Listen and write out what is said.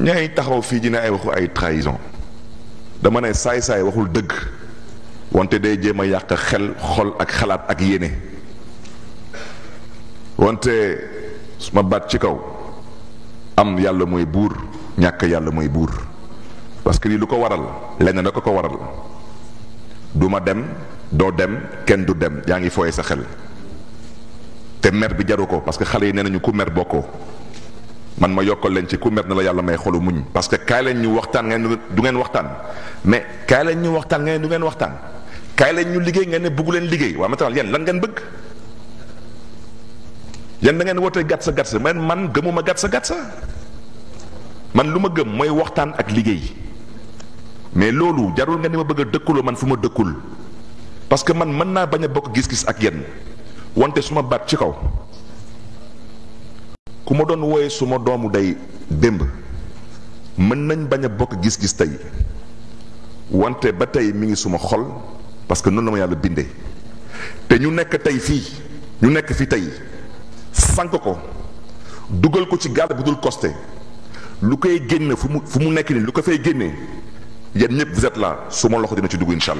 ñay taxaw fii dina ay waxu ay traison dama ne saay-saay waxul dëgg wante day jéem a yàq xel xol ak xalaat ak yéene wante su ma baat ci kaw am yàlla mooy buur ñàkk yàlla mooy buur parce que lii lu ko waral leneen da ko ko waral du ma dem doo dem kenn du dem yaa ngi fooye sa xel te mer bi jaru ko parce que xale yi nee nañu ku mer bokkoo man ma yokkal leen ci ku mer na la yàlla may xolu muñ parce que kaay leen ñu waxtaan ngeen du ngeen waxtaan mais kaay leen ñu waxtaan ngeen du ngeen waxtaan kaay leen ñu liggéey ngeen ne bëggu leen liggéey waaye maintenant yéen lan ngeen bëgg yéen da ngeen wootee gàtt sa gàtt sa man man gëmuma gàtt sa gàtt man lu ma gëm mooy waxtaan ak liggéey mais loolu jarul ngeen ni ma bëgg dëkkuloo man fu ma dëkkul parce que man mën naa bañ a bokk gis-gis ak yéen wante su ma baat ci kaw. ku ma doon wooye suma doomu day démb mën nañ bañ a bokk gis-gis tey wante ba tey mi ngi suma xol parce que noonu la ma yàlla bindee te ñu nekk tey fii ñu nekk fii tey sànq ko dugal ko ci gaal bu dul costé lu koy génn fu mu fu mu nekk nii lu ko fay génnee yéen ñëpp vous êtes là loxo dina ci dugg incha